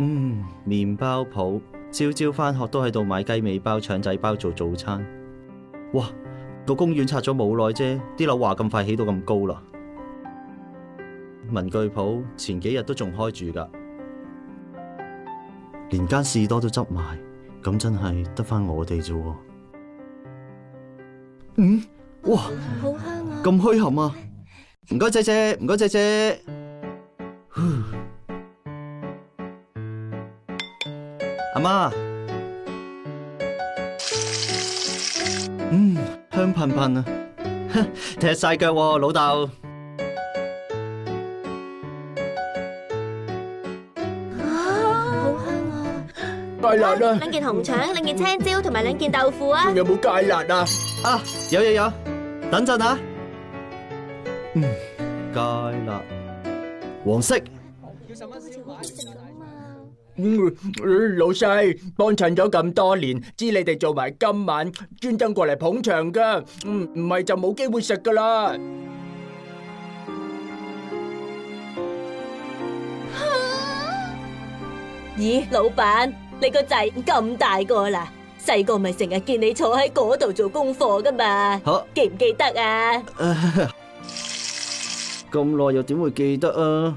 嗯，麵包鋪朝朝返學都喺度買雞尾包、腸仔包做早餐。哇，個公園拆咗冇耐啫，啲樓話咁快起到咁高啦。文具鋪前幾日都仲開住㗎，連間士多都執埋，咁真係得返我哋咋？嗯，哇，咁墟冚啊！唔該借借，唔該借借。阿媽，嗯，香噴噴啊，哼，踢晒腳喎，老豆。啊，好香啊！芥辣啊！兩件紅腸，兩件青椒，同埋兩件豆腐啊！仲有冇芥辣啊？啊，有有有，等陣啊。嗯，芥辣，黃色。嗯，老細幫襯咗咁多年，知你哋做埋今晚專登過嚟捧場噶，唔唔係就冇機會食噶啦。咦，老闆，你個仔咁大個啦，細個咪成日見你坐喺嗰度做功課噶嘛？吓記唔記得啊？咁耐又點會記得啊？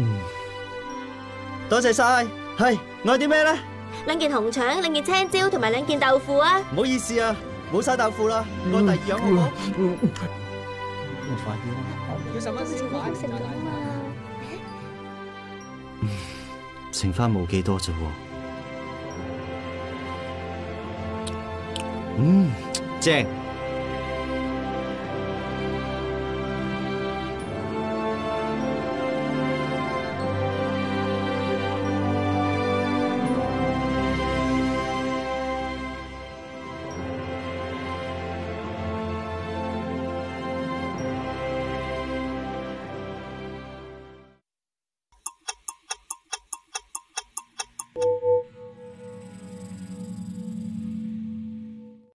嗯，多謝晒，係愛啲咩咧？兩件紅腸，兩件青椒，同埋兩件豆腐啊！唔好意思啊，冇晒豆腐啦，過第二樣好唔好？嗯。我快啲啦，要十蚊先。食唔食啊？嗯，剩翻冇幾多啫。嗯，正。